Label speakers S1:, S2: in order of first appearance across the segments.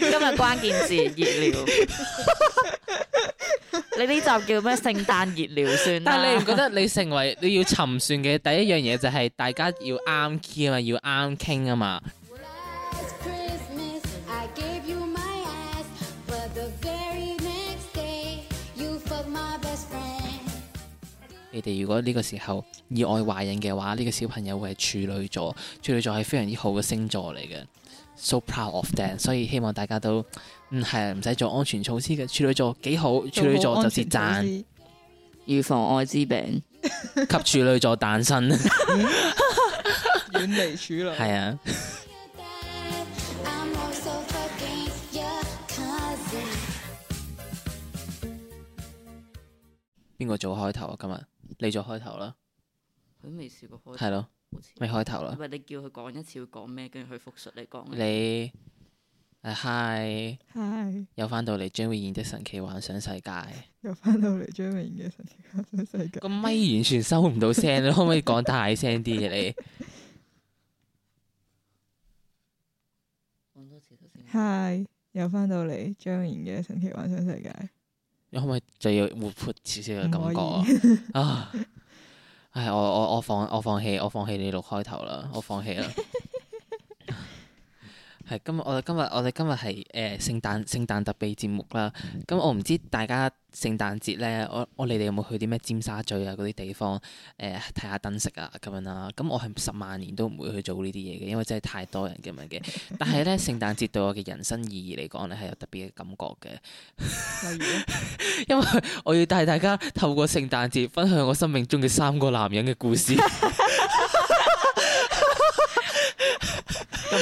S1: 今日關鍵字熱聊， 你呢集叫咩？聖誕熱聊算。但係你唔覺得
S2: 你成為你要沉船嘅第一樣嘢，就係大家要啱 key 啊，要啱傾啊嘛。你哋如果呢個時候意外懷孕嘅話，呢、這個小朋友會係處女座，處女座係非常之好嘅星座嚟嘅。so proud of them，所、so、以希望大家都唔係唔使做安全措施嘅處女座幾好，好處女座就是讚，預 防艾滋病，給 處女座誕生 遠離，遠離 處女。係啊。邊個做開頭啊？今日你做開頭,開
S1: 頭啦，佢未試
S2: 過開頭，係咯。未開頭啦，唔
S1: 你叫佢講一次會講咩，跟住佢複述你講。你
S2: 誒 h 嗨！又翻到嚟張穎賢的神奇幻想世界，
S1: 又翻到嚟張穎賢嘅神奇幻想世界。個咪完
S2: 全收唔到聲， 你可唔可以講大聲啲？ 你
S1: 講多次都先。h 又翻到嚟張穎賢嘅神奇幻想世界，
S2: 你可唔可以再要活潑少少嘅感覺啊？唉，我我我放我放棄，我放棄你六開頭啦，我放棄啦。 係今日我哋今日我哋今日係誒聖誕聖誕特別節目啦。咁、嗯嗯嗯、我唔知大家聖誕節咧，我我你哋有冇去啲咩尖沙咀啊、嗰啲地方誒睇下燈飾啊咁樣啦？咁、嗯、我係十萬年都唔會去做呢啲嘢嘅，因為真係太多人咁樣嘅。但係咧， 聖誕節對我嘅人生意義嚟講咧係有特別嘅感覺嘅。例 如 因為我要帶大家透過聖誕節分享我生命中嘅三個男人嘅故事。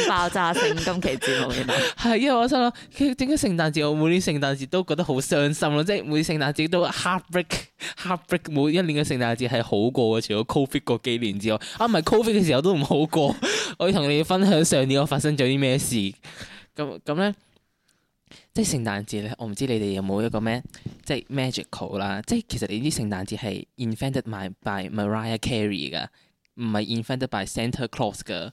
S2: 爆炸性！今期節目原來係， 因為我心諗，點解聖誕節我每年聖誕節都覺得好傷心咯，即係每聖誕節都 heartbreak，heartbreak，heart 每一年嘅聖誕節係好過嘅，除咗 COVID 嗰幾年之外，啊，唔係 COVID 嘅時候都唔好過。 我要同你分享上年我發生咗啲咩事。咁咁咧，即係聖誕節咧，我唔知你哋有冇一個咩，即係 magical 啦。即係其實你啲聖誕節係 invented 埋 by Mariah Carey 噶，唔係 invented by Santa Claus 噶。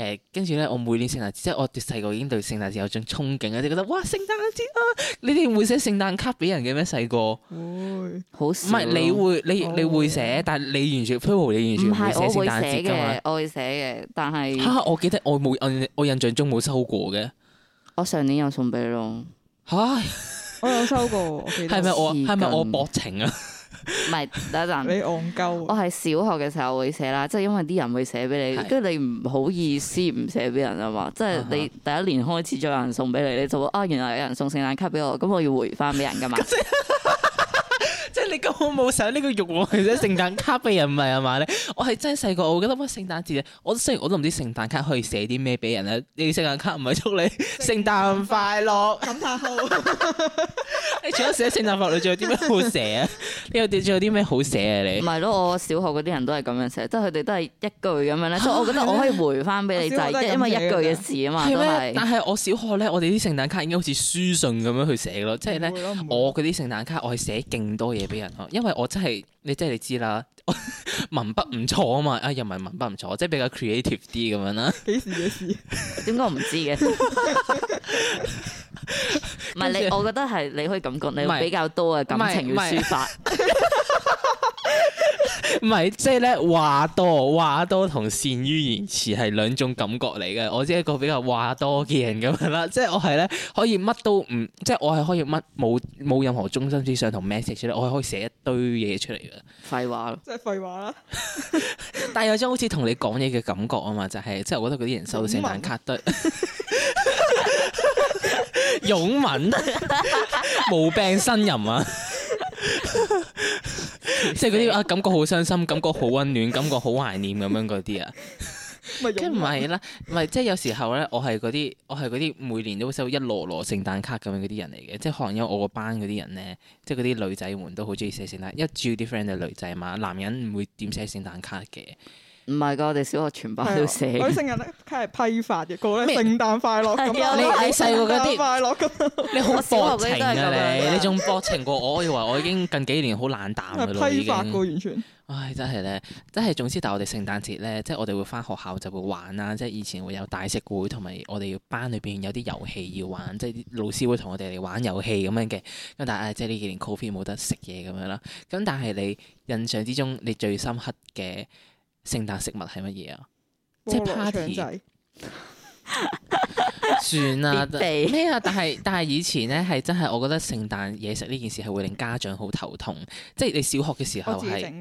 S2: 誒跟住咧，我每年聖誕節，即係我細個已經對聖誕節有種憧憬，就覺得哇聖誕節啊！你哋會寫聖誕卡俾人嘅咩？細個哦，好唔係你會你你會寫，但係你完全，幾乎你完全唔會寫聖誕節嘅，我會寫嘅，我會寫嘅，但係嚇我記得我冇我我印象中冇收過嘅，我上年有送俾你咯，
S1: 唉我有收過，係咪我係咪我薄情啊？唔係第一陣，你戇鳩。我係小學嘅時候會寫啦，即係因為啲人會寫俾你，跟住對 你唔好意思唔寫俾人啊嘛。對 即係你第一年開始再有人送俾你，你就會啊，原來有人送聖誕卡俾我，咁我要回翻俾人㗎嘛。
S2: 你根本冇寫呢個語喎，其實聖誕卡俾人唔係啊嘛咧，我係真細個，我覺得喂聖誕節咧，我雖然我都唔知聖誕卡可以寫啲咩俾人咧，你聖誕卡唔係祝你聖誕快樂，咁就好。你除咗寫聖誕快樂，你仲有啲咩好寫
S1: 啊？你又仲有啲咩好寫啊？你唔係咯？我小學嗰啲人都係咁樣寫，即係佢哋都係一句
S2: 咁樣咧。我覺得我可以回
S1: 翻俾你就係，因為一句嘅
S2: 事啊嘛，但係我小學咧，我哋啲聖誕卡已經好似書信咁樣去寫咯，即係咧我嗰啲聖誕卡，我係寫勁多嘢俾。因為我真係，你真係你知啦， 文筆唔錯啊嘛，啊又唔係文筆唔錯，即係比較 creative 啲咁樣啦。幾時嘅事？點解 我唔知嘅 後？唔
S1: 係 你，我覺得係你可以感覺你比較多嘅感情要抒發。
S2: 唔係，即係咧，話多話多同善於言辭係兩種感覺嚟嘅。我只係一個比較話多嘅人咁樣啦，即係我係咧可以乜都唔，即係我係可以乜冇冇任何中心思想同 message 咧，我係可以寫一堆嘢出嚟嘅。廢話咯，
S1: 即係廢話啦。
S2: 但係有種好似同你講嘢嘅感覺啊嘛，就係即係我覺得嗰啲人收到聖誕卡堆。 勇文，無 勇文 病呻新吟啊！ 即係嗰啲啊，感覺好傷心，感覺好温暖，感覺好懷念咁樣嗰啲啊。咁唔係啦，唔係即係有時候咧，我係嗰啲，我係嗰啲每年都收一摞摞聖誕卡咁樣嗰啲人嚟嘅。即係可能的的因為我個班嗰啲人咧，即係嗰啲女仔們都好中意寫聖誕，一主要啲 friend 係女仔嘛，男人唔會點寫聖誕卡嘅。唔係噶，我哋小學全班都要寫、哦。
S1: 嗰啲 日咧，批發嘅，講、那、咧、個、聖誕快樂咁麼。 你細個嗰啲，
S2: 你好薄情嘅你仲薄情過我， 我以為我已經近幾年好冷淡噶啦。批發過完全。唉、哎，真係咧，真係。總之，但係我哋聖誕節咧，即係我哋會返學校就會玩啊，即係以前會有大食會，同埋我哋班裏邊有啲遊戲要玩，即係啲老師會同我哋嚟玩遊戲咁樣嘅。咁但係、哎、即係呢幾年 COVID 冇得食嘢咁樣啦。咁但係你印象之中，你最深刻嘅？聖誕食物係乜嘢啊？即係 party 算啦，咩啊？但係但係以前咧，係真係我覺得聖誕嘢食呢件事係會令家長好頭痛。即係你小學嘅時候係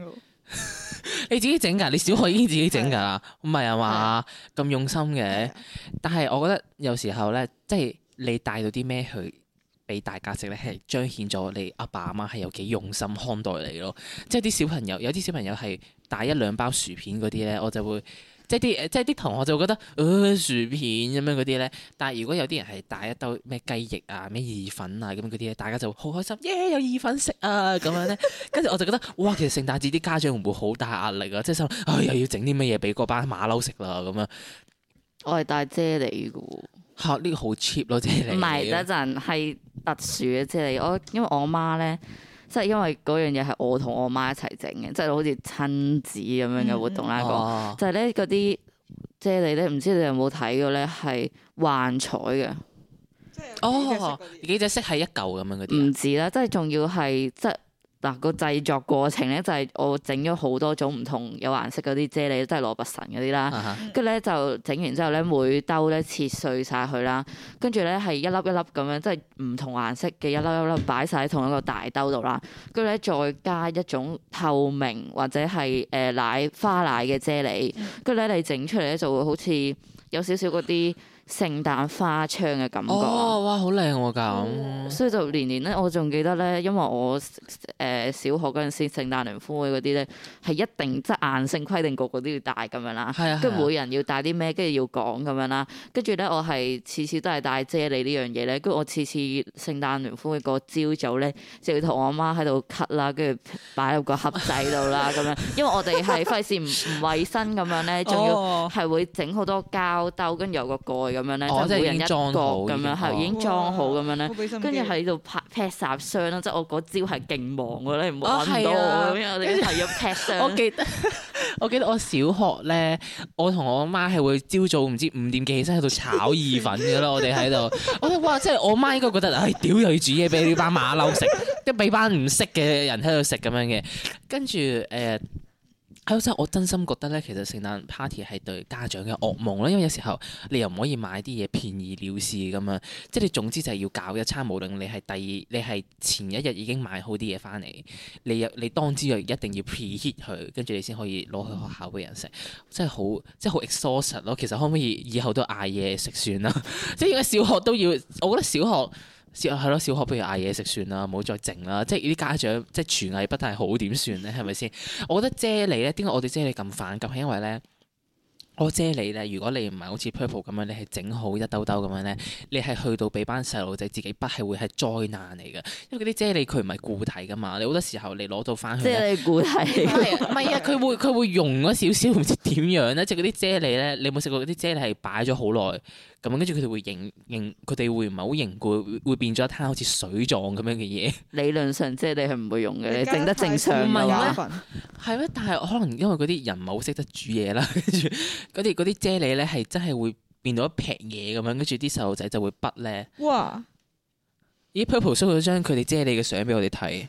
S2: 你自己整噶？你小學已經自己整噶啦？唔係啊嘛？咁 用心嘅。 但係我覺得有時候咧，即係你帶到啲咩去俾大家食咧，係彰顯咗你阿爸阿媽係有幾用心看待你咯。即係啲小朋友，有啲小朋友係。帶一兩包薯片嗰啲咧，我就會即係啲即係啲同學就會覺得，呃、薯片咁樣嗰啲咧。但係如果有啲人係帶一兜咩雞翼啊、咩意粉啊咁嗰啲咧，大家就會好開心，耶有意粉食啊咁樣咧。跟住 我就覺得，哇其實聖誕節啲家長會唔會好大壓力啊？即係心諗、哎、又要整啲乜嘢俾嗰班馬騮食啦咁樣。我係帶啫喱噶，吓呢、啊這個好 cheap 咯啫喱，唔係一陣
S1: 係特殊嘅啫喱。我因為我媽咧。即係因為嗰樣嘢係我同我媽一齊整嘅，即係好似親子咁樣嘅活動啦。講、嗯哦、就係咧嗰啲啫喱咧，唔知你哋有冇睇過咧係幻彩嘅？哦，
S2: 幾隻色係一嚿咁樣嗰
S1: 啲。唔止啦，即係仲要係即係。嗱個製作過程咧，就係、是、我整咗好多種唔同有顏色嗰啲啫喱，都係蘿蔔神嗰啲啦。跟住咧就整完之後咧，每兜咧切碎晒佢啦，跟住咧係一粒一粒咁樣，即係唔同顏色嘅一粒一粒擺晒喺同一個大兜度啦。跟住咧再加一種透明或者係誒奶花奶嘅啫喱，跟住咧你整出嚟咧就會好似有少少嗰啲聖誕花窗嘅感覺，哦，哇，好靚喎咁，所以就年年咧，我仲記得咧，因為我誒、呃、小學嗰陣時聖誕聯歡會嗰啲咧，係一定即硬性規定個個都要帶咁樣啦，跟住是的 每人要帶啲咩，跟住要講咁樣啦，跟住咧我係次次都係帶啫喱呢樣嘢咧，跟住我次次聖誕聯歡會個朝早咧，就要同我媽喺度 cut 啦，跟住擺入個盒仔度啦咁樣， 因為我哋係費事唔唔衞生咁樣咧，仲要係會整好多膠兜，跟住有個蓋。咁樣咧，即係每人一個咁樣，係已經裝好咁樣咧，跟住喺度拍劈殺傷咯，即係我嗰招係勁忙嘅咧，忙到我哋嘅劈傷。我記得，
S2: 我記得我小學咧，我同我媽係會朝早唔知五點幾起身喺度炒意粉嘅咯，我哋喺度。我哇，即係我媽應該覺得，唉、哎，屌又要煮嘢俾呢班馬騮食，跟俾班唔識嘅人喺度食咁樣嘅，跟住誒。呃我真心覺得呢，其實聖誕 party 係對家長嘅噩夢啦。因為有時候你又唔可以買啲嘢便宜了事咁啊，即係你總之就係要搞一餐，無論你係第二你係前一日已經買好啲嘢翻嚟，你又你當之要一定要 preheat 佢，跟住你先可以攞去學校嘅人食，真係好即係好 exhaust 咯。其實可唔可以以後都嗌嘢食算啦？ 即係因為小學都要，我覺得小學。接係咯，小學不如嗌嘢食算啦，唔好再整啦。即係啲家長即係廚藝不太好點算咧？係咪先？ 我覺得啫喱咧，點解我哋啫喱咁反感？係因為咧，我啫喱咧，如果你唔係好似 purple 咁樣，你係整好一兜兜咁樣咧，你係去到俾班細路仔自己不係會係災難嚟嘅。因為嗰啲啫喱佢唔係固體噶嘛，你好多時候你攞到翻去啫喱固體，唔係啊，佢 會佢會溶咗少少，唔知點樣咧。即係嗰啲啫喱咧，你有冇食過嗰啲啫喱係擺咗好耐？咁跟住佢哋會凝凝，佢哋會唔係好凝固，會變咗一灘好似水狀咁樣嘅嘢。理論上啫喱係唔會融嘅，你整得正常啦。係咯，但係可能因為嗰啲人唔係好識得煮嘢啦，跟住嗰啲啲啫喱咧係真係會變到一撇嘢咁樣，跟住啲細路仔就會筆咧。哇！咦，Purple show 咗張佢哋啫喱嘅相俾我哋睇，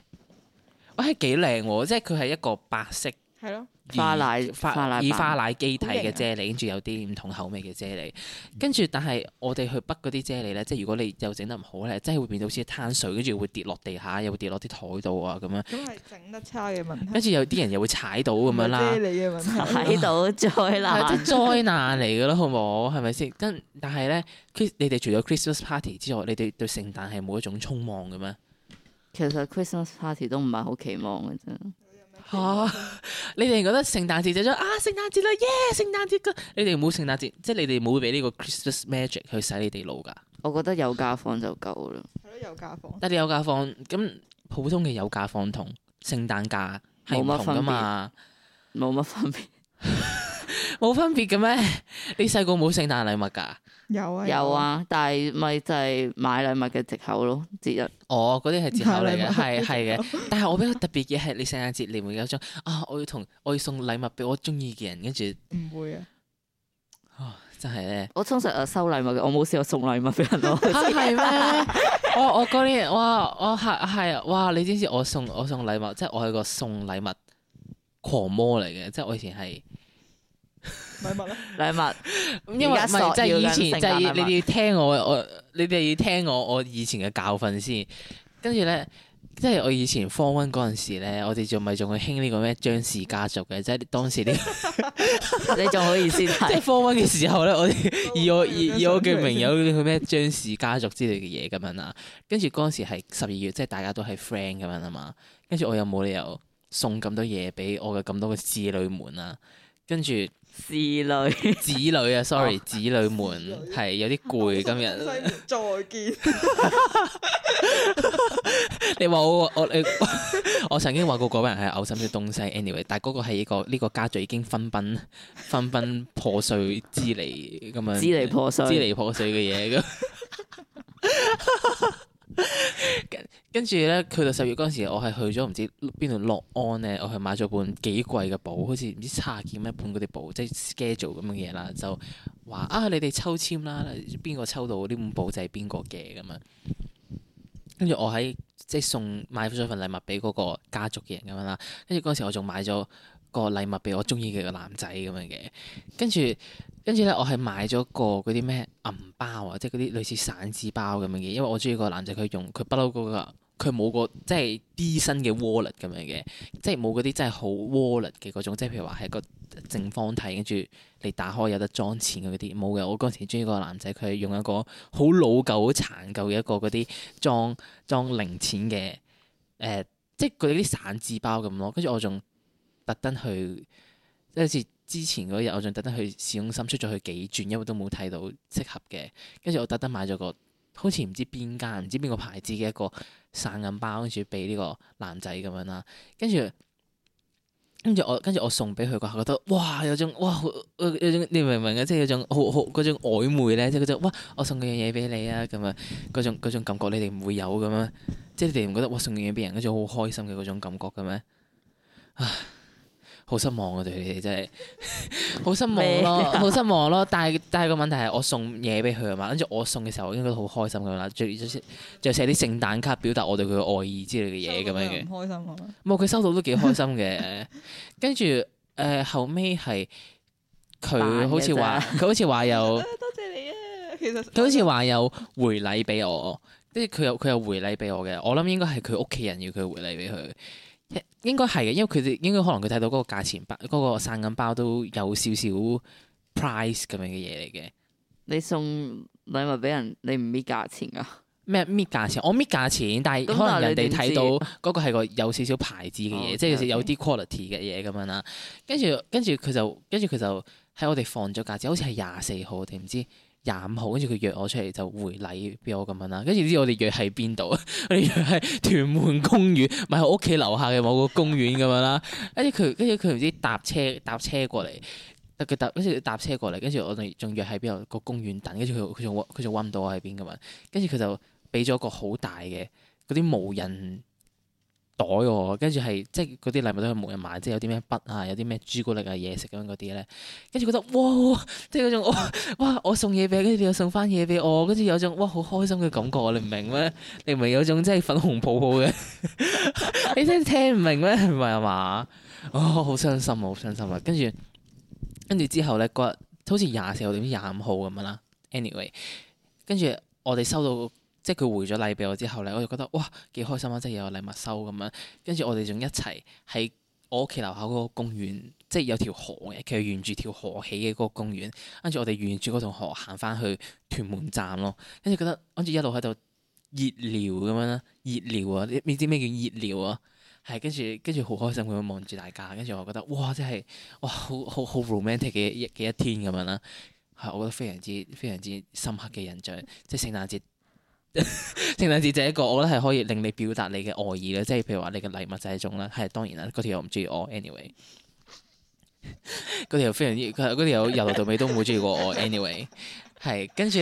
S2: 喂，係幾靚喎！即係佢係一個白色。係咯。花奶花奶以花奶基底嘅啫喱，跟住、啊、有啲唔同口味嘅啫喱，跟住、嗯、但係我哋去北嗰啲啫喱咧，即係如果你又整得唔好咧，真係會變到好似一攤水，跟住會跌落地下，又會跌落啲台度啊，咁樣。咁係整
S1: 得差嘅問題。跟住
S2: 有啲人又會踩到咁樣啦。啫喱嘅問題。啊、踩到災難。 災難嚟嘅咯，好唔好？係咪先？跟但係咧，你哋除咗 Christmas party 之外，你哋對聖誕係冇一種期望嘅咩？其實 Christmas party 都唔係好期望嘅啫。吓、啊！你哋覺得聖誕節就咗啊？聖誕節啦，耶！聖誕節噶，你哋冇聖誕節，即係你哋冇會俾呢個 Christmas magic 去洗你哋腦噶？我覺得有假放就夠啦。係
S1: 咯，有假放。
S2: 但係有假放，咁普通嘅有假放同聖誕假係唔同噶嘛？冇乜分別。 冇分別嘅咩？你細個冇聖誕禮物噶？
S1: 有啊，有啊，
S2: 但係咪就係買禮物嘅借口咯？節日哦，嗰啲係借口嚟嘅，係係嘅。但係我比較特別嘅係，你聖誕節你會有張啊？我要同我要送禮物俾我中意嘅人，跟住唔會啊。哦，真係咧，我通常 啊收禮物嘅，我冇試過送禮物俾人咯。吓係咩？我我嗰年哇，我係係哇，你知唔知我送我送禮物，即係我係個送禮物狂魔嚟嘅，即係我以前係。禮物啊禮 物，咁因為即係、就是、以前，即係你哋要聽我我，你哋要聽我以、就是、我以前嘅教訓先。跟住咧，即係我以前 form one 嗰陣時咧，我哋仲咪仲會興呢個咩張氏家族嘅，即、就、係、是、當時啲 你仲好意
S1: 思即 f form one 嘅時候咧，我哋
S2: 以我以我嘅 名有嗰啲咩張氏家族之類嘅嘢咁樣啊。跟住嗰陣時係十二月，即、就、係、是、大家都係 friend 咁樣啊嘛。跟住我又冇理由送咁多嘢俾我嘅咁多嘅子女們啊。跟住。子女 子女啊，sorry，、哦、子女們係 有啲攰今日。再見，你話我 我你我曾經話過嗰個人係嘔心嘅東西，anyway，但嗰個係呢個呢、這個家族已經分崩分崩破碎支離咁啊，支離破碎，支離破碎嘅嘢噶。 跟住咧，去到十月嗰時，我係去咗唔知邊度樂安咧，我去買咗本幾貴嘅簿，好似唔知差廿幾蚊一本嗰啲簿，即係 schedule 咁嘅嘢啦，就話啊，你哋抽籤啦，邊個抽到呢本簿就係邊個嘅咁樣。跟住我喺即係送買咗份禮物俾嗰個家族嘅人咁樣啦。跟住嗰時我仲買咗個禮物俾我中意嘅個男仔咁樣嘅。跟住。跟住咧，我係買咗個嗰啲咩銀包啊，即係嗰啲類似散紙包咁樣嘅。因為我中意個男仔，佢用佢不嬲個，佢冇、個即係啲身嘅 wallet 咁樣嘅，即係冇嗰啲真係好 wallet 嘅嗰種，即係譬如話係個正方體，跟住你打開有得裝錢嗰啲冇嘅。我嗰時中意個男仔，佢係用一個好老舊、好殘舊嘅一個嗰啲裝裝零錢嘅，誒、呃，即係佢哋啲散紙包咁咯。跟住我仲特登去，即好似。之前嗰日我仲特登去市中心出咗去幾轉，因為都冇睇到適合嘅，跟住我特登買咗個好似唔知邊間唔知邊個牌子嘅一個散銀包，跟住俾呢個男仔咁樣啦，跟住跟住我跟住我送俾佢個，覺得哇有種哇有種你明唔明啊？即係有種好好嗰種曖昧咧，即係嗰種哇！我送個樣嘢俾你啊，咁樣嗰種嗰種感覺你哋唔會有咁樣？即係你哋唔覺得我送嘅嘢俾人嗰種好開心嘅嗰種感覺嘅咩？啊！好失望啊！對佢哋真係好 失望咯，好失望咯。但係但係個問題係，我送嘢俾佢啊嘛。跟住我送嘅時候應該都好開心咁啦，仲再寫啲聖誕卡表達我對佢嘅愛意之類嘅嘢咁樣嘅。唔開心啊！冇，佢收到都幾開心嘅。跟住誒後尾係佢好似話，佢好似話有 多謝你啊。其實佢好似話有回禮俾我，跟住佢有佢有回禮俾我嘅。我諗應該係佢屋企人要佢回禮俾佢。應該係嘅，因為佢哋應該可能佢睇到嗰個價錢包，嗰、那個散銀包都有少少 price 咁樣嘅嘢嚟嘅。你送禮物俾人，你唔搣價錢啊？咩搣價錢？我搣價錢，但係可能人哋睇到嗰個係個有少少牌子嘅嘢，即係有啲 quality 嘅嘢咁樣啦。跟住跟住佢就跟住佢就喺我哋放咗價錢，好似係廿四號定唔知。廿五號，跟住佢約我出嚟就回禮俾我咁樣啦，跟住之後我哋約喺邊度啊？ 我哋約喺屯門公園，唔係我屋企樓下嘅某個公園咁樣啦。跟住佢，跟住佢唔知搭車搭車過嚟，但佢搭跟住搭車過嚟，跟住我哋仲約喺邊度個公園等，跟住佢佢仲佢仲搵唔到我喺邊咁樣，跟住佢就俾咗個好大嘅嗰啲無人袋喎、哦，跟住係即係嗰啲禮物都係冇人買，即係有啲咩筆啊，有啲咩朱古力啊，嘢食咁樣嗰啲咧，跟住覺得哇，哇，即係嗰種哇，哇我送嘢俾你，跟住你又送翻嘢俾我，跟住有種哇好開心嘅感覺你唔明咩？你唔明，你唔明有種即係粉紅泡泡嘅， 你真係聽唔明咩？唔係啊嘛，我好傷心啊，好傷心啊！跟住跟住之後咧，嗰日好似廿四號定廿五號咁樣啦。anyway，跟住我哋收到。即佢回咗禮俾我之後咧，我就覺得哇幾開心啊！即係有禮物收咁樣，跟住我哋仲一齊喺我屋企樓下嗰個公園，即係有條河嘅，其實沿住條河起嘅嗰個公園，跟住我哋沿住嗰條河行翻去屯門站咯。跟住覺得跟住一路喺度熱聊咁樣啦，熱聊啊！你知唔知咩叫熱聊啊？係，跟住跟住好開心咁樣望住大家，跟住我覺得哇！真係哇，好好好，好 romantic 嘅一嘅一,一天咁樣啦，係我覺得非常之非常之深刻嘅印象，即係聖誕節。正正是這一個，我覺得係可以令你表達你嘅愛意啦。即係譬如話你嘅禮物就係一種啦，係當然啦。嗰條友唔中意我，anyway，嗰條 非常，佢嗰條由頭到尾都冇中意過我，anyway。係，跟住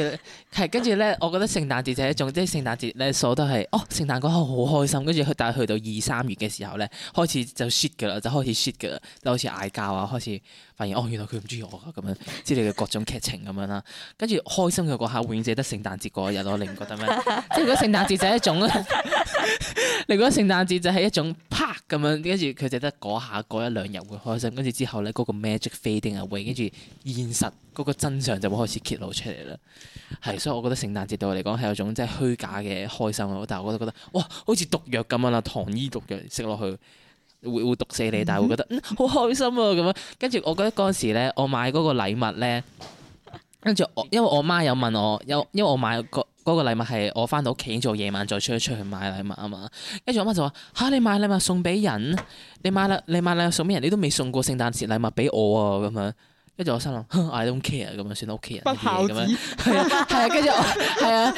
S2: 係，跟住咧，我覺得聖誕節就係一種，即係聖誕節咧，所都係，哦，聖誕嗰刻好開心，跟住去，但係去到二三月嘅時候咧，開始就 shit 噶啦，就開始 shit 噶啦，就好似嗌交啊，開始發現哦，原來佢唔中意我噶咁樣，之類嘅各種劇情咁樣啦。跟住開心嘅嗰下，永遠只得聖誕節嗰日咯，你唔覺得咩？ 即如果聖誕節就係一種，你覺得聖誕節就係一種啪咁樣跟住佢就得嗰下嗰一兩日會開心，跟住之後呢，嗰、那個 magic fading away。跟住現實嗰、那個真相就會開始揭露出嚟啦。係，所以我覺得聖誕節對我嚟講係有種即係虛假嘅開心咯。但係我都覺得，哇，好似毒藥咁樣啦，糖衣毒藥食落去會會毒死你，但係會覺得、mm hmm. 嗯，好開心啊咁樣。跟住我覺得嗰陣時呢，我買嗰個禮物呢，跟住我因為我媽有問我，有因為我買個。嗰個禮物係我翻到屋企做，夜晚再出出去買禮物啊嘛，跟住我媽就話嚇，你買禮物送俾人，你買啦你買啦送俾人？你都未送過聖誕節禮物俾我啊咁樣。跟住我心諗 I don't care 咁樣，算屋企人不孝子係啊，係啊，跟住係啊，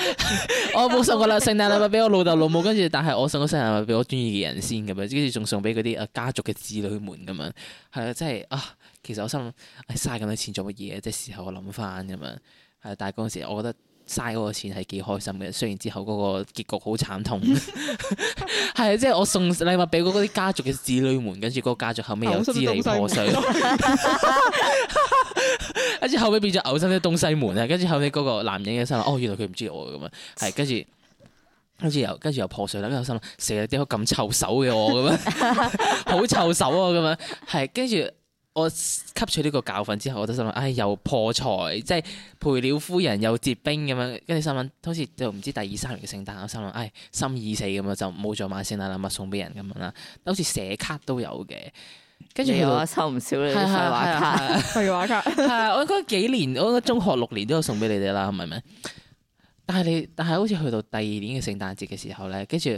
S2: 我冇送過啦聖誕禮物俾我老豆老母，跟住但係我送個聖誕禮物俾我中意嘅人先咁樣，跟住仲送俾嗰啲家族嘅子女們咁樣，係啊，真係啊，其實我心諗唉，嘥咁多錢做乜嘢？即係事後我諗翻咁樣，係、啊，但係嗰陣時我覺得。嘥嗰個錢係幾開心嘅，雖然之後嗰個結局好慘痛，係啊！ 即係我送禮物俾嗰啲家族嘅子女們，跟住嗰個家族後尾又支離破碎，跟住後尾變咗嘔心啲東西門啊！跟 住 後尾嗰個男人嘅心話： 哦，原來佢唔知我嘅咁啊！係跟住，跟住又跟住又破碎啦！跟住心諗，成日點解咁臭手嘅我咁樣，好臭手啊咁樣，係跟住。我吸取呢個教訓之後，我都心諗，唉，又破財，即係賠了夫人又折兵咁樣。跟住心諗，好似就唔知第二三年嘅聖誕，我心諗，唉，心意死咁樣，就冇再買聖誕禮物送俾人咁樣啦。好似寫卡都有嘅，跟住又話收唔少呢啲廢話卡，廢話卡。係啊， 我嗰幾年，我中學六年都有送俾你哋啦，係咪？但係你，但係好似去到第二年嘅聖誕節嘅時候咧，跟住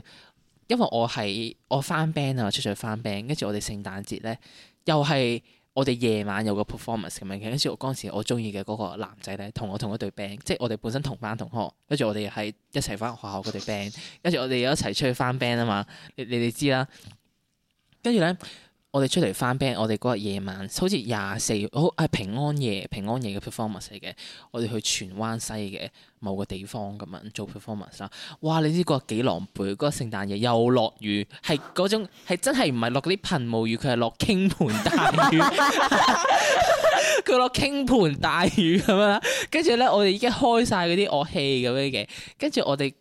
S2: 因為我係我翻 band 啊，出咗去翻 band，跟住我哋聖誕節咧又係。又我哋夜晚有個 performance 咁樣嘅，跟住我嗰陣時我中意嘅嗰個男仔咧，同我同一隊 band，即係我哋本身同班同學，跟住我哋係一齊返學校嗰隊 band，跟住我哋又一齊出去返 band 啊嘛，你你哋知啦，跟住咧。我哋出嚟翻 band，我哋嗰日夜晚好似廿四，好係、哦、平安夜，平安夜嘅 performance 嚟嘅。我哋去荃灣西嘅某個地方咁樣做 performance 啦。哇！你知嗰日幾狼狽，嗰日聖誕夜又落雨，係嗰種係真係唔係落啲噴霧雨，佢係落傾盆大雨。佢落傾盆大雨咁樣，跟住咧我哋已經開晒嗰啲樂器咁樣嘅，跟住我哋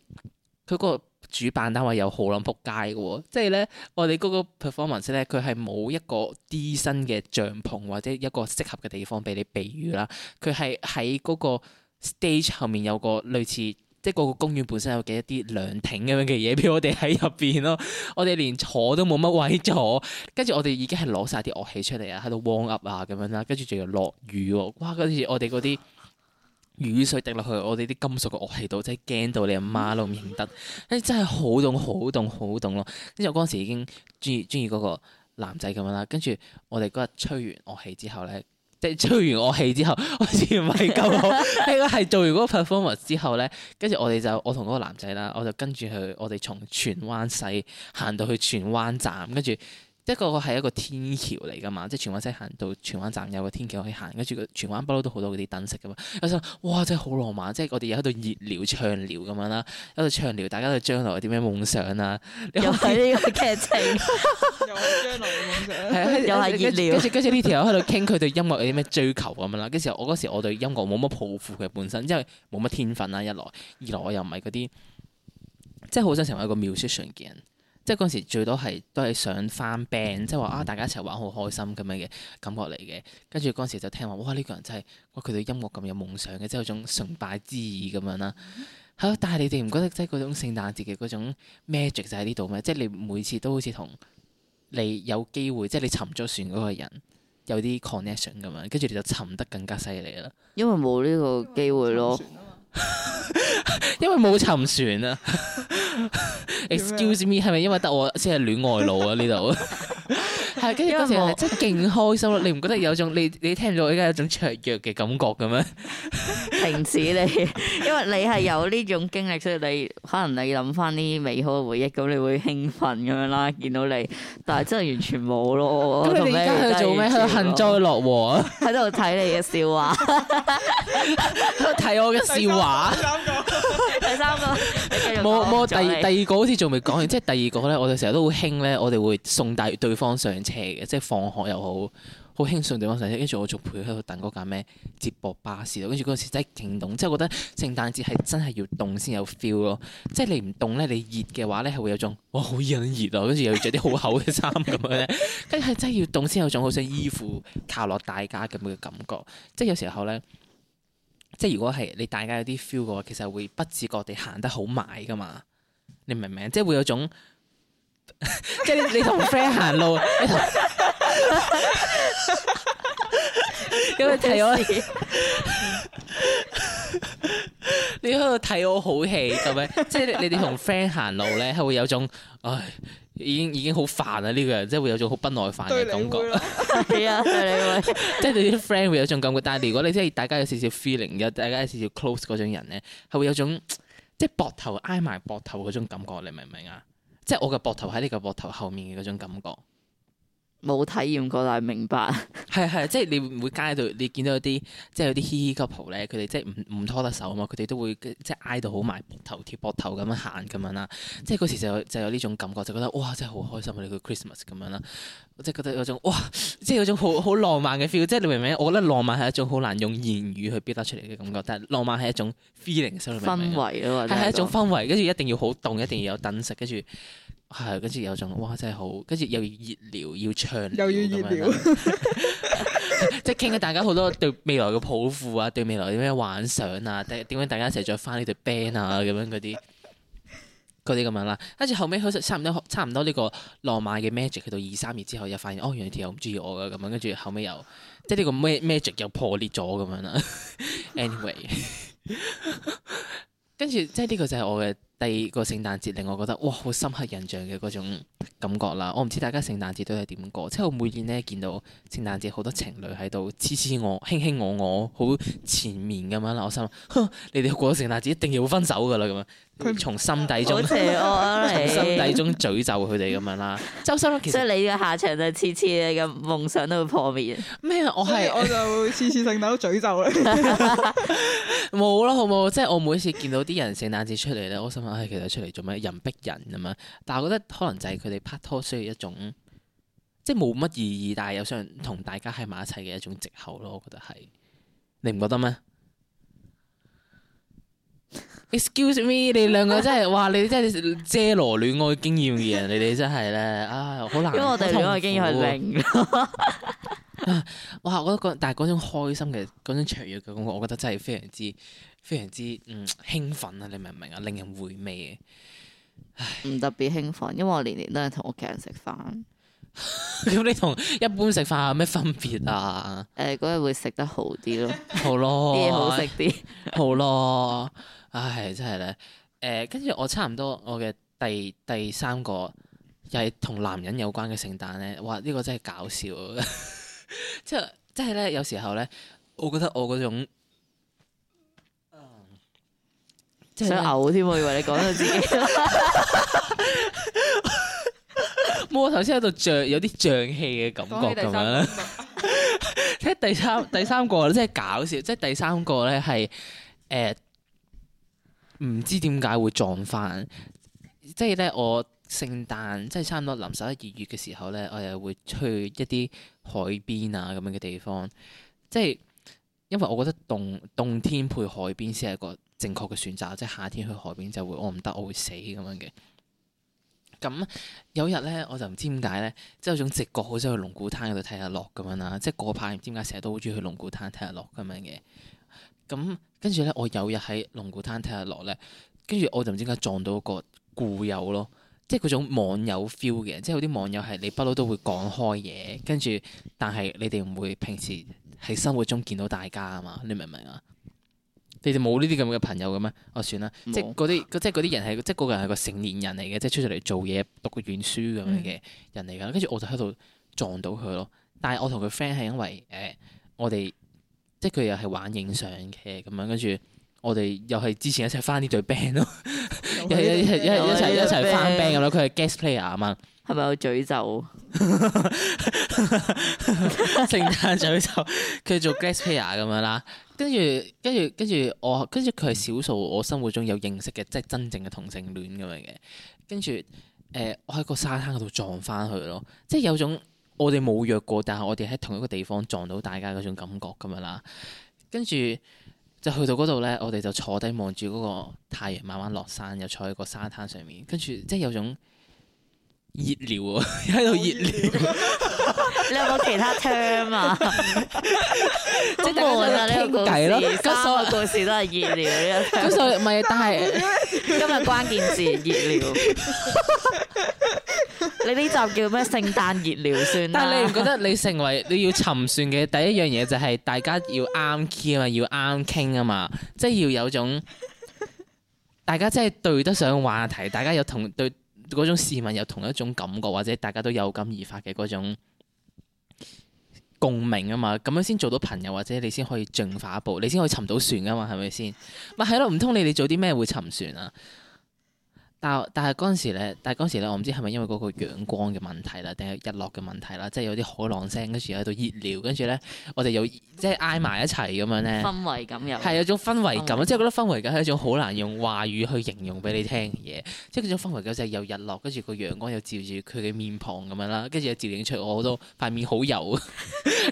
S2: 佢個。主辦單位有好撚仆街嘅喎，即係咧，我哋嗰個 performance 咧，佢係冇一個啲身嘅帳篷或者一個適合嘅地方俾你避雨啦。佢係喺嗰個 stage 後面有個類似即係個個公園本身有嘅一啲涼亭咁樣嘅嘢俾我哋喺入邊咯。我哋連坐都冇乜位坐，跟住我哋已經係攞晒啲樂器出嚟啊，喺度 warm up 啊咁樣啦，跟住仲要落雨喎。哇！嗰時我哋嗰啲～雨水滴落去我哋啲金屬嘅樂器度，真係驚到你阿媽都唔認得，誒真係好凍好凍好凍咯！跟住我嗰陣時已經中意中意嗰個男仔咁樣啦，跟住我哋嗰日吹完樂器之後咧，即係 吹完樂器之後好似唔係咁好，應該係做完嗰個 performance 之後咧，跟住我哋就我同嗰個男仔啦，我就跟住佢，我哋從荃灣西行到去荃灣站，跟住。即係個個係一個天橋嚟噶嘛，即係荃灣西行到荃灣站有個天橋可以行，跟住個荃灣不嬲都好多嗰啲燈飾噶嘛，有時候哇真係好浪漫，即係我哋又喺度熱聊暢聊咁樣啦，喺度暢聊，大家對將來有啲咩夢想啊？又係呢個劇情， 又係將來嘅夢想， 又係熱聊。跟住呢條友喺度傾佢對音樂有啲咩追求咁樣啦。跟住我嗰時我對音樂冇乜抱負嘅本身，因為冇乜天分啦、啊，一來二來我又唔係嗰啲，即係好想成為一個 musician 嘅人。即係嗰陣時最多係都係想翻 band，即係話啊大家一齊玩好開心咁樣嘅感覺嚟嘅。跟住嗰陣時就聽話，哇呢個人真係哇佢對音樂咁有夢想嘅，即係有種崇拜之意咁樣啦。係咯，但係你哋唔覺得即係嗰種聖誕節嘅嗰種 magic 就喺呢度咩？即係你每次都好似同你有機會，即係你沉咗船嗰個人有啲 connection 咁樣，跟住你就沉得更加犀利啦。因為冇呢個機會咯。 因為冇沉船啊 ！Excuse me，係咪因為得我先係戀愛腦啊？呢度。係，跟住嗰時係真勁開心咯！你唔覺得有種你你聽到依家有種雀躍嘅感覺嘅咩？停止你，因為你係有呢種經歷，所以你
S1: 可能你諗翻啲美好嘅回憶，咁你會興奮咁樣啦。見到你，但係真係完全冇咯。做咩？喺度做咩？喺度幸災樂禍啊！喺度睇你嘅笑話，
S2: 喺度睇我嘅笑話。第三個，第三個，冇冇第第二個好似仲未講完。即係第二個咧，我哋成日都會興咧，我哋會送大對方上車。即係放學又好，好輕鬆地方上。嚟講。跟住我仲陪佢喺度等嗰架咩接駁巴士，跟住嗰陣時真係勁凍，即係我覺得聖誕節係真係要凍先有 feel 咯。即係你唔凍呢，你熱嘅話呢，係會有種哇好陰熱啊！跟住又要着啲好厚嘅衫咁樣咧，跟住係真係要凍先有種好想依附靠落大家咁嘅感覺。即係有時候呢，即係如果係你大家有啲 feel 嘅話，其實會不自覺地行得好埋㗎嘛。你明唔明？即係會有種。 即係你同 friend 行路，你同，因為睇我， 你喺度睇我好戲，係咪？ 即係你你同 friend 行路咧，係會有種唉、哎，已經已經好煩啊！呢、這個人即係會有種好不耐煩嘅感覺。係啊，係你 即係你啲 friend 會有種感覺。但係如果你即係大家有少少 feeling，有大家有少少 close 嗰種人咧，係會有種即係膊頭挨埋膊頭嗰種感覺。你明唔明啊？即係我嘅膊頭喺你嘅膊頭後面嘅嗰種感覺。冇體驗過，但係明白。係啊係啊，即係你會唔會街度，你見到，就是、有啲即係有啲嘻嘻 couple 咧，佢哋即係唔唔拖得手啊嘛，佢哋都會即係挨到好埋膊頭貼膊頭咁樣行咁樣啦。即係嗰時就有就有呢種感覺，就覺得哇，真係好開心啊！你，這個 Christmas 咁樣啦，即係覺得有種哇，即係嗰種好好浪漫嘅 feel。即係你明唔明，我覺得浪漫係一種好難用言語去表達出嚟嘅感覺，但係浪漫係一種 feeling 氛圍啊嘛，係一種氛圍，跟住 一定要好凍，一定要有等食，跟住。 係，跟住 有種哇，真係好，跟住又要熱聊，要唱，又要熱聊，即係傾咗大家好多對未來嘅抱負啊，對未來啲咩幻想啊，第點解大家一齊再返呢隊 band 啊，咁樣嗰啲，嗰啲咁樣啦。跟住後尾，好似差唔多，差唔多呢個浪漫嘅 magic，去到二三年之後又發現，哦，原來條友唔中意我噶，咁樣跟住後尾，又，即係呢個 magic 又破裂咗咁樣啦。anyway， 跟住即係呢個就係我嘅。第二個聖誕節令我覺得哇，好深刻印象嘅嗰種感覺啦！我唔知大家聖誕節都係點過，即係我每年呢見到聖誕節好多情侶喺度痴痴我、卿卿我我，好纏綿咁樣啦，我心諗，哼，你哋過咗聖誕節一定要分手噶啦咁樣。從心底中，啊、心底中詛咒佢哋咁樣啦。
S1: 周所以你嘅下場
S2: 就次次嘅夢想都會破滅。
S1: 咩啊？我係我就次次聖誕都詛咒
S2: 你。冇啦，好冇。即係我每次見到啲人聖誕節出嚟咧，我心諗係、哎、其實出嚟做咩？人逼人咁樣。但係我覺得可能就係佢哋拍拖需要一種，即係冇乜意義，但係有想同大家喺埋一齊嘅一種藉口咯。我覺得係，你唔覺得咩？Excuse me，你兩個真係 哇！你真係 zero 戀愛經驗嘅人，你哋真係咧 啊，好難。因為我哋戀愛經驗係零。哇！我都覺，但係嗰種開心嘅，嗰種雀躍嘅感覺，我覺得真係非常之、非常之嗯興奮啊！你明唔明啊？令人回味嘅。唉，唔特別興奮，因為我年年都係同屋企人食飯。咁 你同一般食飯有咩分別啊？誒、
S1: 呃，嗰日會食得好啲咯
S2: 嘞， 好咯，啲嘢好食嘞啲，好咯嘞。好唉，真係咧，誒、呃，跟住我差唔多我，我嘅第第三個又係同男人有關嘅聖誕咧，哇！呢、呢個真係搞笑， 即，即係即係咧，有時候咧，我覺得我嗰種、嗯、即想嘔添，我以為你講到自己， 冇啊！頭先喺度脹，有啲脹氣嘅感覺咁樣。即係第三第三個咧， 即係真係搞笑，即係第三個咧係誒。呃唔知點解會撞返，即係咧我聖誕，即係差唔多臨十一二月嘅時候咧，我又會去一啲海邊啊咁樣嘅地方，即係因為我覺得冬冬天配海邊先係一個正確嘅選擇，即係夏天去海邊就會我唔得，我會死咁樣嘅。咁有日咧，我就唔知點解咧，即係有種直覺，好想去龍鼓灘嗰度睇日落咁樣啦。即係嗰排唔知點解成日都好中意去龍鼓灘睇日落咁樣嘅。咁跟住咧，我有日喺龍鼓灘睇日落咧，跟住我就唔知點解撞到一個故友咯，即係嗰種網友 feel 嘅，即係有啲網友係你不嬲都會講開嘢，跟住但係你哋唔會平時喺生活中見到大家啊嘛，你明唔明啊？你哋冇呢啲咁嘅朋友嘅咩？我算啦，沒 即係嗰啲，即係啲人係，即係嗰個人係個成年人嚟嘅，即係出咗嚟做嘢、讀完書咁樣嘅人嚟嘅，跟住、嗯、我就喺度撞到佢咯。但係我同佢 friend 係因為誒、呃，我哋。即係佢又係玩影相嘅咁樣，跟住我哋又係之前一齊翻呢隊 band 咯，一,一、一班、一、一齊一齊翻 band 嘅咯。佢係 guest player 啊嘛，係咪有詛咒？ 聖誕詛咒，佢做 guest player 咁樣啦。跟住跟住跟住我跟住佢係少數我生活中有認識嘅即係真正嘅同性戀咁樣嘅。跟住誒，我喺個沙灘嗰度撞翻佢咯，即係有種。我哋冇約過，但係我哋喺同一個地方撞到大家嗰種感覺咁樣啦。跟住就去到嗰度咧，我哋就坐低望住嗰個太陽慢慢落山，又坐喺個沙灘上面，跟住即係有種熱聊啊，喺度熱聊。
S1: 你有冇其他 term 啊？ 即係大家傾下呢個而家所有故事都係熱聊咁，所以唔
S2: 係， 但係今日關鍵
S1: 字熱聊。熱 你呢集叫咩？聖誕熱聊
S2: 算 但係你唔覺得你成為你要沉船嘅第一樣嘢，就係大家要啱 key 啊，要啱傾啊嘛，即係要有種大家即係對得上話題，大家有同對嗰種市民有同一種感覺，或者大家都有感而發嘅嗰種共鳴啊嘛，咁樣先做到朋友，或者你先可以進化一步，你先可以沉到船啊嘛，係咪先？咪係咯，唔通你哋做啲咩會沉船啊？但係但係嗰陣時咧，但係嗰陣時咧，我唔知係咪因為嗰個陽光嘅問題啦，定係日落嘅問題啦，即係有啲海浪聲，跟住喺度熱聊，跟住咧我哋又即係挨埋一齊咁樣咧，氛圍感又係有種氛圍感，即係覺得氛圍感係一種好難用話語去形容俾你聽嘅嘢，即係嗰種氛圍感就係有日落，跟住個陽光又照住佢嘅面龐咁樣啦，跟住又照影出我好多塊面好油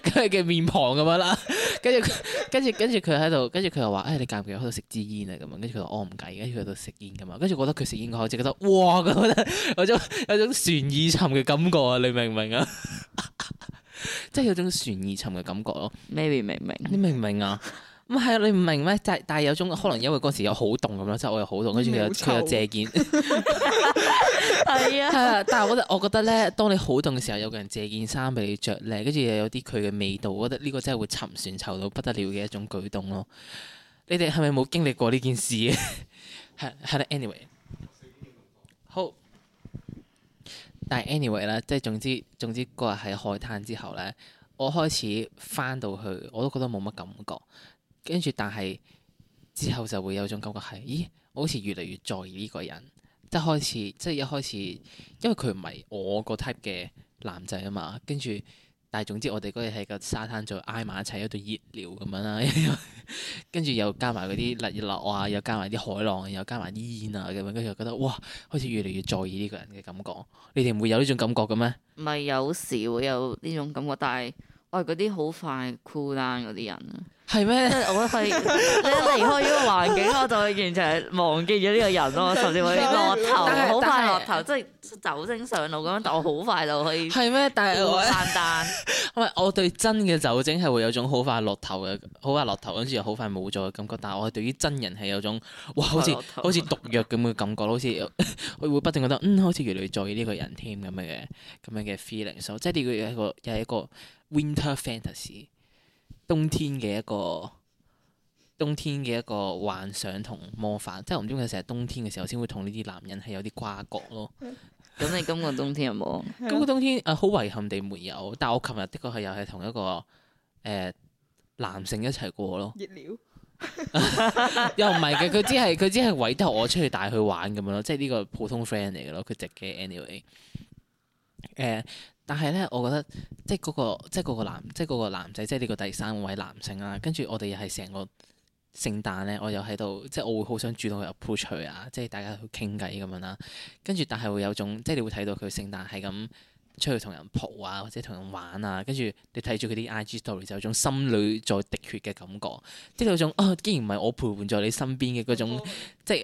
S2: 跟住嘅面龐咁樣啦，跟住跟住跟住佢喺度，跟住佢又話誒你介唔介意喺度食支煙啊咁樣，跟住佢話我唔介意，跟住佢喺度食煙咁樣，跟住覺得佢食煙。我就覺得哇，我覺得有種有種船意沉嘅感覺啊！你明唔 Maybe not, 明啊？即係 有種船意沉嘅感覺咯。maybe 明唔明？你明唔明啊？咁係啊！你唔明咩？但係有種可能因為嗰時有好凍咁啦，即係我又好凍，跟住佢又佢又借件。係 是啊，係啊！但係我覺得，我覺得咧，當你好凍嘅時候，有個人借件衫俾你着咧，跟住又有啲佢嘅味道，我覺得呢個真係會沉船臭到不得了嘅一種舉動咯。你哋係咪冇經歷過呢件事啊？係係 anyway 但 anyway 啦，即係總之總之嗰日喺海灘之後呢，我開始返到去，我都覺得冇乜感覺。跟住，但係之後就會有種感覺係，咦，我好似越嚟越在意呢個人。即係開始，即係一開始，因為佢唔係我個 type 嘅男仔啊嘛，跟住。但係總之，我哋嗰日喺個沙灘度挨埋一齊喺度熱聊咁樣啦， 跟住又加埋嗰啲日落啊，又加埋啲海浪，又加埋煙啊咁樣，跟住覺得哇，開始越嚟越在意呢個人嘅感覺。你哋唔會有呢種感覺嘅咩？
S1: 唔係有時會有呢種感覺，但係我係嗰啲好快 cool down 嗰啲人。
S2: 係咩？我係你離開呢個環境， 我
S1: 就完全係忘記咗呢個人咯， 甚至會落頭，好快是是落頭， 即係酒精上腦咁樣， 但我好快就可以。係咩？但
S2: 係我唔係， 我對真嘅酒精係會有種好快落頭嘅，好快落頭跟住好快冇咗嘅感覺。但係我對於真人係有種，哇，好似好似毒藥咁嘅感覺，好似 會不停覺得，嗯，好似越嚟越在意呢個人添咁嘅，咁樣嘅 feeling。即係呢個又係一個 winter fantasy。冬天嘅一個冬天嘅一個幻想同魔法，即係我唔知佢成日冬天嘅時候先會同呢啲男人係有啲瓜葛咯。咁你今個冬天有冇？今個冬天 啊，好遺憾地沒有。但係我琴日的確係又係同一個誒、呃、男性一齊過咯。熱了 又唔係嘅，佢只係佢只係委託我出去帶佢玩咁樣咯，即係呢個普通 friend 嚟嘅咯。佢直嘅 anyway，誒。呃但係咧，我覺得即係嗰、嗰個，即係嗰個男，即係嗰個男仔，即係呢個第三位男性啦。跟住我哋又係成個聖誕咧，我又喺度，即係我會好想主動去 approach 佢啊，即係大家去傾偈咁樣啦。跟住但係會有種，即係你會睇到佢聖誕係咁出去同人蒲啊，或者同人玩啊。跟住你睇住佢啲 IG story，就有種心裏在滴血嘅感覺，即係有種啊，竟然唔係我陪伴在你身邊嘅嗰種。哦即係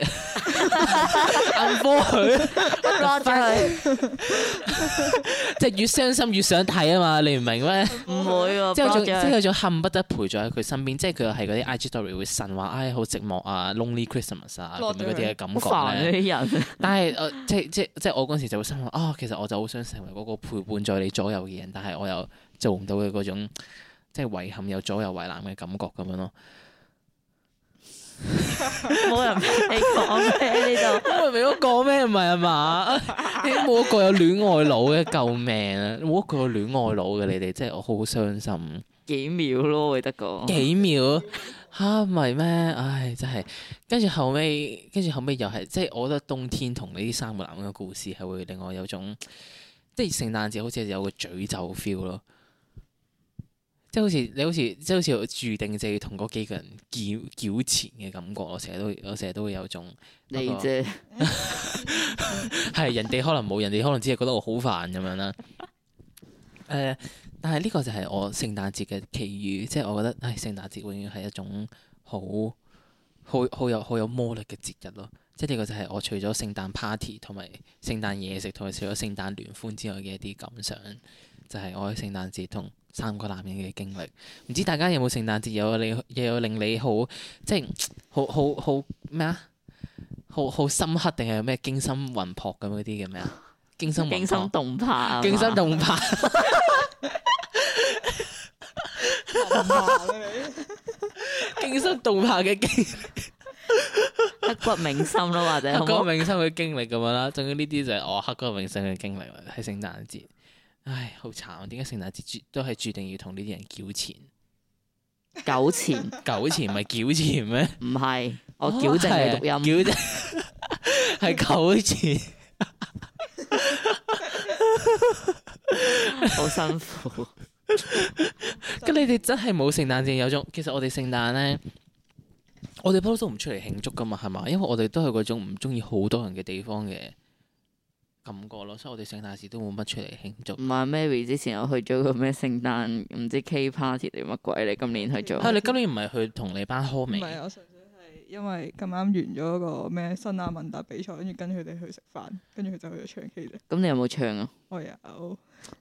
S2: 即係越傷心越想睇啊嘛，你唔明咩？
S1: 唔 會啊， 即係仲即係
S2: 仲恨不得陪在喺佢身邊。即係佢係嗰啲 IG Story 會神話，唉、哎，好寂寞啊，Lonely Christmas 啊，咁樣嗰啲嘅感覺。啲 煩人。 但係，即係即係即係我嗰時就會心諗，啊、哦，其實我就好想成為嗰個陪伴在你左右嘅人，但係我又做唔到嘅嗰種，即係遺憾又左右為難嘅感覺咁樣咯。冇 人聽你講咩？你就，我唔明我講咩，唔係啊嘛？你冇一個有戀愛腦嘅，救命啊！冇一個有戀愛腦嘅你哋，真係我好傷心。幾秒咯，會得個？幾秒？吓、啊，唔係咩？唉，真係。跟住後尾，跟住後尾又係，即係我覺得冬天同呢啲三個男人嘅故事係會令我有種，即係聖誕節好似有個詛咒 feel 咯。即係好似你好似即係好似注定就要同嗰幾個人糾糾纏嘅感覺，我成日都我成日都會有種，呢個係人哋可能冇，人哋可能只係覺得我好煩咁樣啦。誒、呃，但係呢個就係我聖誕節嘅奇遇，即係我覺得唉，聖誕節永遠係一種好好好有好有魔力嘅節日咯。即係呢個就係我除咗聖誕 party 同埋聖誕嘢食同埋除咗聖誕聯歡之外嘅一啲感想，就係、是、我喺聖誕節同。三個男人嘅經歷，唔知大家有冇聖誕節有令，又有令你好，即係好好好咩啊？好好，好，好，好深刻定係有咩驚心魂魄咁嗰啲嘅咩啊？驚心驚心，驚心動魄，驚心動魄，驚心動魄嘅經歷，刻骨銘心咯，或者刻骨銘心嘅經歷咁樣啦。仲要呢啲就係我刻骨銘心嘅經歷，喺聖誕節。唉，好慘！點解聖誕節都係注定要同呢啲人繳錢、糾纏潛、糾纏，唔係繳錢咩？唔係，我矯正嘅讀音，哦哦、矯正係糾纏，好辛苦。咁你哋真係冇聖誕節有種，其實我哋聖誕咧，我哋不嬲唔出嚟慶祝噶嘛，係嘛？因為我哋都係嗰種唔中意好多人嘅地方嘅。感覺咯，所以我哋聖誕時都冇乜出嚟慶祝。唔係 Mary 之前我去
S1: 咗個咩聖誕，唔知 K party 定乜鬼？你今年去咗？啊！你
S2: 今年唔係去同你
S1: 班科咩？唔係，我純粹係因為咁啱完咗個咩新亞文達比賽，跟住跟住佢哋去食飯，跟住佢就去咗唱 K。
S2: 咁你有冇唱啊？我有。
S1: 哇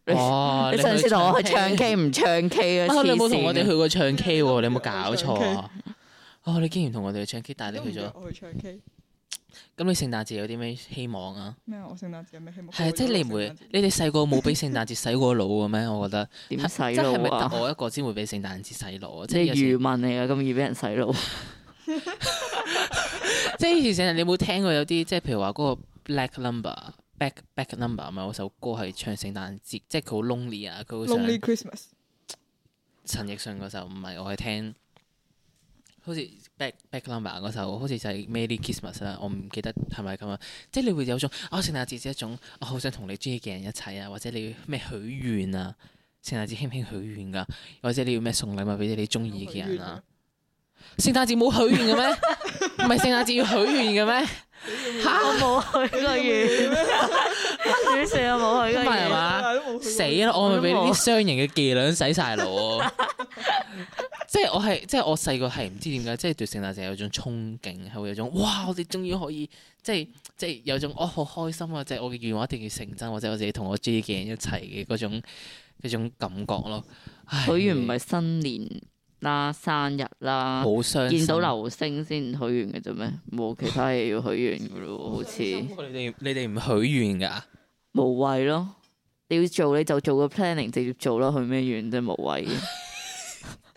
S1: 你！哦、你上次同我去唱 K 唔
S2: 唱 K，唱 K 啊，啊？你冇同我哋去過唱 K 喎、啊？你有冇搞錯啊？哦，你竟然同我哋去唱 K，但係你去咗？我去唱 K。咁你聖誕節有啲咩希望啊？咩啊？我聖誕節有咩希望？係啊，即係你唔會， 你哋細個冇俾聖誕節洗過腦嘅咩？我覺得點 但洗腦？係咪得我一個先會俾聖誕節洗腦啊！ 即係愚問你啊，咁易俾人洗腦。 即係以前成日你有冇聽過有啲即係譬如話嗰個 Back Number、Back Back Number 咪有首歌係唱聖誕節，即係佢好 Lonely 啊，佢好 Lonely Christmas。陳奕迅嗰首唔係我係聽，好似。Back back number 嗰首，好似就係 Merry Christmas 啦，我唔記得係咪咁啊？即係你會有種，啊、哦、聖誕節係一種，我、哦、好想同你中意嘅人一齊啊，或者你要咩許願啊？聖誕節輕輕許願噶、啊，或者你要咩送禮物俾你中意嘅人啊？聖誕節冇許願嘅咩？唔係 聖誕節要許願嘅咩？ 我冇許個願，於是啊冇許個願，死啦！我咪俾啲雙型嘅伎倆洗晒腦。 即係我係，即係我細個係唔知點解，即係對聖誕節有種憧憬，係會有種哇！我哋終於可以，即係即係有種我好、哦、開心啊！即、就、係、是、我嘅願望一定要成真、啊，或、就、者、是、我自己同我中意嘅人一齊嘅嗰種感覺咯。許願唔係新年啦、生日啦，
S1: 見到流星先許願嘅啫咩？冇其他嘢要許願嘅咯， 好似像你
S2: 哋你哋唔許願
S1: 㗎？無謂咯，你要做你就做個 planning，直接
S2: 做咯，去咩願都無謂嘅。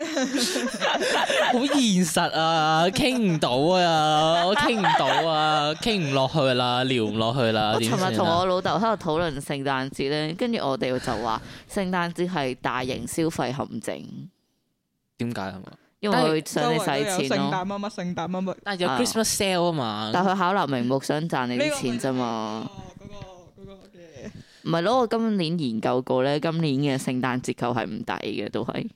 S2: 好現實啊，傾唔到啊，我傾唔到啊，傾唔落去啦，聊唔落去啦。 尋日同我
S1: 老豆喺度討論聖誕節咧，跟住我哋就話聖誕節係大型消費陷阱。
S2: 點解啊？
S1: 因為佢想你使錢咯。聖誕乜乜聖誕乜乜，但係有 Christmas sale 啊嘛。但係佢巧立名目，想賺你啲錢啫嘛。個個唔係咯，我今年研究過咧，今年嘅聖誕折扣係唔抵嘅，都係。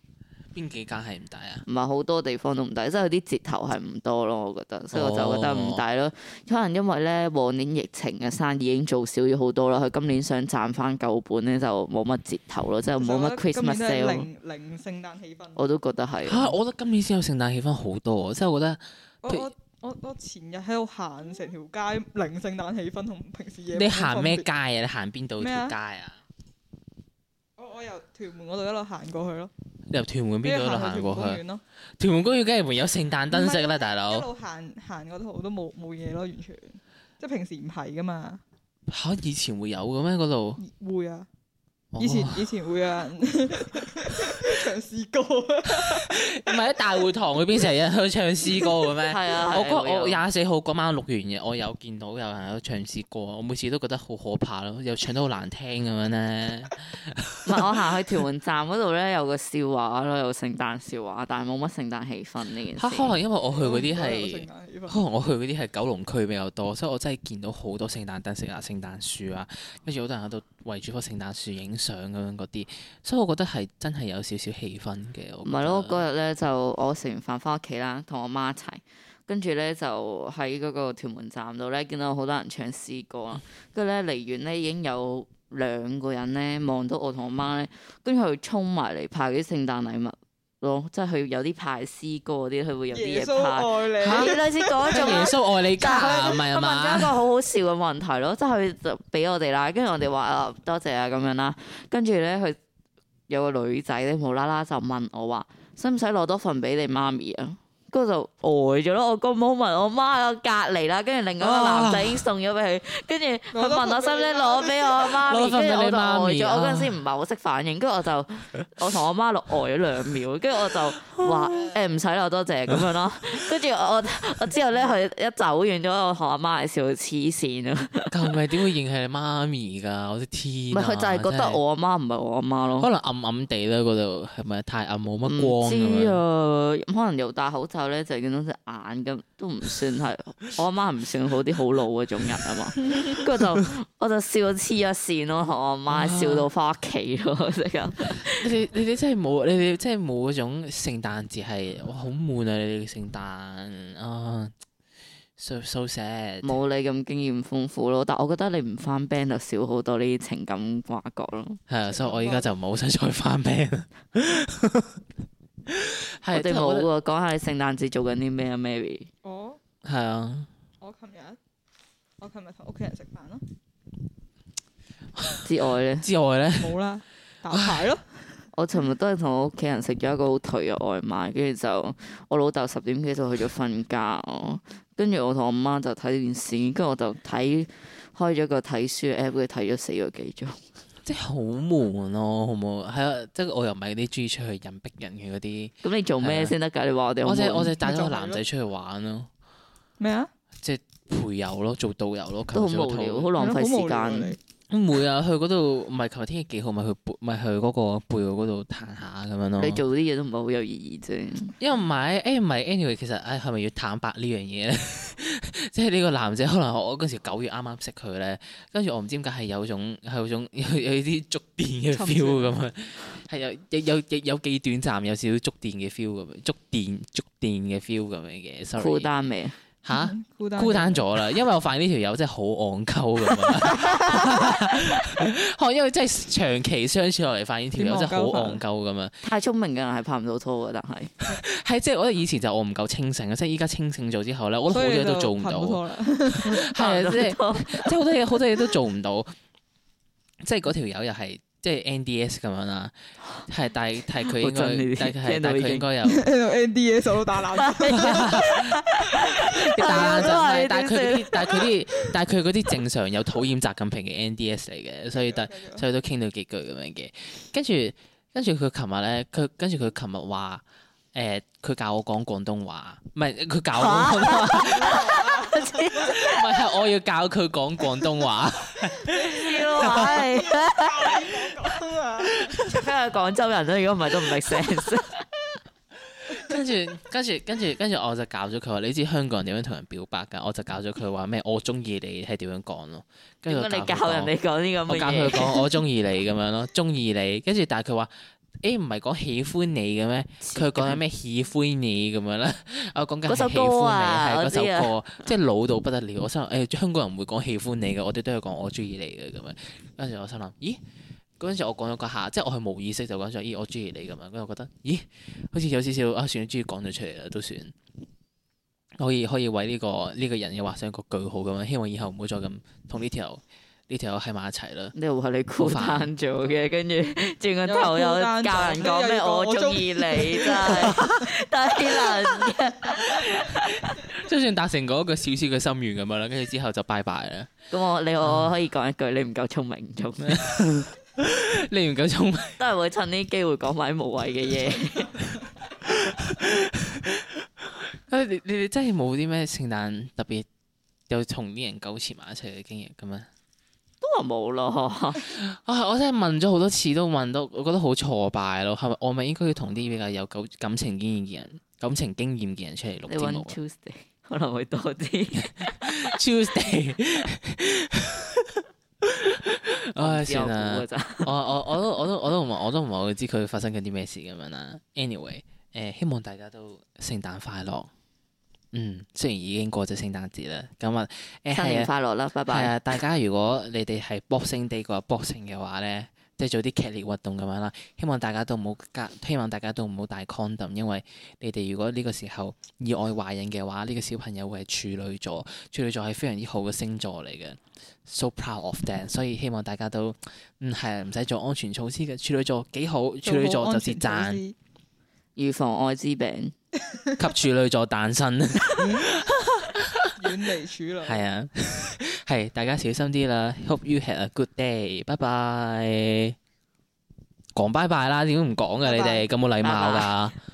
S1: 邊幾間係唔抵啊？唔係好多地方都唔抵，即係佢啲折頭係唔多咯，我覺得，哦、所以我就覺得唔抵咯。可能因為咧，往年疫情嘅生意已經做少咗好多啦，佢今年想賺翻舊本咧，就冇乜折頭咯，即係冇乜 Christmas sale。零零聖誕氣
S2: 氛。我都覺得係，我覺得今年先有聖誕氣氛好多，即係我覺
S1: 得。我我，我前日喺度行成條街，零聖誕氣氛同平時夜。你行咩
S2: 街啊？你行邊度條街啊？
S1: 我由屯門嗰度一路行過去咯。
S2: 你由屯門邊度一路行過去？屯門公園梗係會有聖誕燈飾啦，是大佬哥。一路
S1: 行行嗰度都冇冇嘢咯，完全。即係平時唔係噶嘛。
S2: 嚇！以前會有嘅咩？嗰度？
S1: 會啊。以前以前會有人 唱
S2: 詩歌，唔係喺大會堂嗰邊成日有人唱詩歌嘅咩？係 啊！啊我有我廿四號嗰晚錄完嘢，我有見到有人有唱詩歌，我每次都覺得好可怕咯，又唱得好難聽咁樣咧。我下去屯
S1: 門站嗰度咧，有個笑話咯，有聖誕笑話，但係冇乜聖誕氣氛呢件事。可能 因為我去嗰啲係，
S2: 可能 我去嗰啲係九龍區比較多，所以我真係見到好多聖誕燈飾啊、聖誕樹啊，跟住好多人喺度。圍住棵聖誕樹影相咁樣嗰啲，所以我覺得係真係有少少氣氛嘅。唔係
S1: 咯，嗰日咧就我食完飯返屋企啦，同我媽一齊，跟住咧就喺嗰個屯門站度咧，見到好多人唱詩歌，跟住咧離遠咧已經有兩個人咧望到我同我媽咧，跟住佢衝埋嚟派啲聖誕禮物。.即係佢有啲派詩歌嗰啲，佢會有啲嘢派，類似嗰種啊。耶穌愛你家，咪係嘛？佢問咗一個好好笑嘅問題咯，即係佢就俾我哋啦，跟住我哋話啊多謝啊咁樣啦，跟住咧佢有個女仔咧無啦啦就問我話，使唔使攞多份俾你媽咪啊？嗰就呆咗咯，我嗰 moment 我媽喺隔離啦，跟住另外一個男仔已經送咗俾佢，跟住佢問我使唔使攞俾我媽咪？跟住我就呆咗，我嗰陣時唔係好識反應，跟住我就我同我媽就呆咗兩秒，跟住我就話誒唔使啦，多謝咁樣咯，跟住我我之後咧佢一走遠咗，我同阿媽係笑到黐線咯。係咪點會認係你媽
S2: 咪㗎？我啲天！佢就係覺得我阿媽唔係我阿媽咯，可能暗暗地咧嗰度係咪太暗冇乜光唔知啊，
S1: 可能要戴口罩。就見到隻眼咁，都唔算係我阿媽，唔算好啲好老嗰種人啊嘛。
S2: 跟就 我就笑黐一線咯，我阿媽笑到翻屋企咯，真噶。 你你你真係冇，你你真係冇嗰種聖誕節係，哇好悶啊！你哋聖誕啊，so so sad。冇你咁經驗豐富咯，但
S1: 我覺得你唔翻 band 就少好多呢啲情感掛角咯。
S2: 係啊， 所以我而家就冇使再翻
S1: band。我哋冇啊，講下 你聖誕節做緊啲咩啊，Mary。哦，係啊 外呢。 我琴日我琴日同屋企人食飯咯。之外咧？之外咧？冇啦，打牌咯。我琴日都係同我屋企人食咗一個好頹嘅外賣，跟住就我老豆十點幾就去咗瞓覺，跟住我同我媽就睇電視，跟住我就睇開咗個睇書 app，佢睇咗四個幾鐘。
S2: 即係好悶咯，好唔好？係啊，啊即係我又唔係啲中意出去人逼人嘅嗰啲。咁你做咩先得㗎？啊、你話我哋我我我哋帶咗個男仔出去玩咯。
S1: 咩啊？
S2: 麼即係陪遊咯，做導遊咯。都好無聊，好浪費時間。唔會、嗯、啊，去嗰度唔係琴日天氣幾好，咪去咪去嗰個貝澳嗰度彈下咁樣咯。你做啲嘢都唔係好有意義啫、啊。因為唔係，誒唔係，anyway，其實誒係咪要坦白呢樣嘢咧？ 即係呢個男仔，可能我嗰時九月啱啱識佢咧，跟住我唔知點解係有種，係有種 有觸 有啲觸電嘅 feel 咁啊，係有亦有有幾短暫，有少少觸電嘅 feel 咁，觸電觸電嘅 feel 咁樣嘅 sorry。孤單未啊？吓，啊、孤單孤單咗啦，因為我發現呢條友真係好戇鳩咁啊！因為真係長期相處落嚟，發現呢條友真係好戇鳩咁啊！太聰明嘅人係拍唔到拖嘅，但係係即係我以前就我唔夠清醒啊，即係依家清醒咗之後咧，我好多嘢都做唔到，係 即係即係好多嘢好多嘢都做唔到，即係嗰條友又係。即係 NDS 咁樣啦，係但係佢應該 但係佢應該有 NDS 我都打爛，但係佢啲但係佢啲但係佢啲正常有討厭習近平嘅 NDS 嚟嘅，所以但所，所以都傾到幾句咁樣嘅，跟住跟住佢琴日咧，佢跟住佢琴日話誒，佢、呃、教我講廣東話，唔係佢教我講廣東話，唔係我要教佢講廣東話。 笑， 教人啊！梗係廣州人啦，如果唔係都唔 make sense。跟住，跟住，跟住，跟住，我就教咗佢話：你知香港人點樣同人表白噶？我就教咗佢話咩？我中意你係點樣講咯？跟住，你教人哋講呢咁嘅嘢，我教佢講我中意你咁樣咯，中意你。跟住，但係佢話。誒，唔係講喜歡你嘅咩？佢講緊咩喜歡你咁樣啦。 我講緊喜歡你嗰首歌啊，嗰首歌、啊、即係老到不得了。我心諗誒、哎，香港人唔會講喜歡你嘅，我哋都係講我中意你嘅咁樣。跟住我心諗，咦？嗰陣時我講咗個下，即係我係冇意識就講咗，咦，我中意你咁樣。跟住我覺得，咦？好似有少少啊，算，終於講咗出嚟啦，都算可以可以為呢、呢個呢、呢個人又畫上一個句號咁樣。希望以後唔好再咁同呢條。呢條友喺埋一齊啦，呢個係你箍返咗嘅，跟住轉個頭又教人講咩我中意你，你 真係低能嘅。 就算達成嗰個少少嘅心願咁樣啦，跟住之後就拜拜啦。咁
S1: 我你我可以講一句，你唔夠聰明做咩？
S2: 你唔夠聰明，
S1: 都係會趁呢
S2: 機會講埋啲無謂嘅嘢。你哋真係冇啲咩聖誕特別又同啲人糾纏埋一齊嘅經驗咁啊？冇咯，哦、 啊！我真係問咗好多次，都問到，我覺得好挫敗咯。係咪我咪應該要同啲比較有感感情經驗嘅人、感情經驗嘅人出嚟錄 o Tuesday 可能會多啲，Tuesday。唉、 哎，算啦，我我我都我都我都唔係，我都唔係好知佢發生緊啲咩事咁樣啦。Anyway，誒、呃，希望大家都聖誕快樂。嗯，雖然已經過咗聖誕節啦，咁啊，新、哎、年快樂啦，拜拜！係啊，大家如果你哋係，boxing day 過、boxing 嘅話咧，即係、 就是、做啲劇烈運動咁樣啦，希望大家都唔好隔，希望大家都唔好戴 condom，因為你哋如果呢個時候意外懷孕嘅話，呢、呢個小朋友會係處女座，處女座係非常之好嘅星座嚟嘅 ，so proud of them，所以希望大家都嗯、係唔使做安全措施嘅，處女座幾好，處女座就是讚。預防艾滋病， 給處女座誕生，遠離處女，係 啊，係大家小心啲啦。Hope you have a good day，拜拜。講拜拜啦，點解唔講噶你哋咁冇禮貌噶拜拜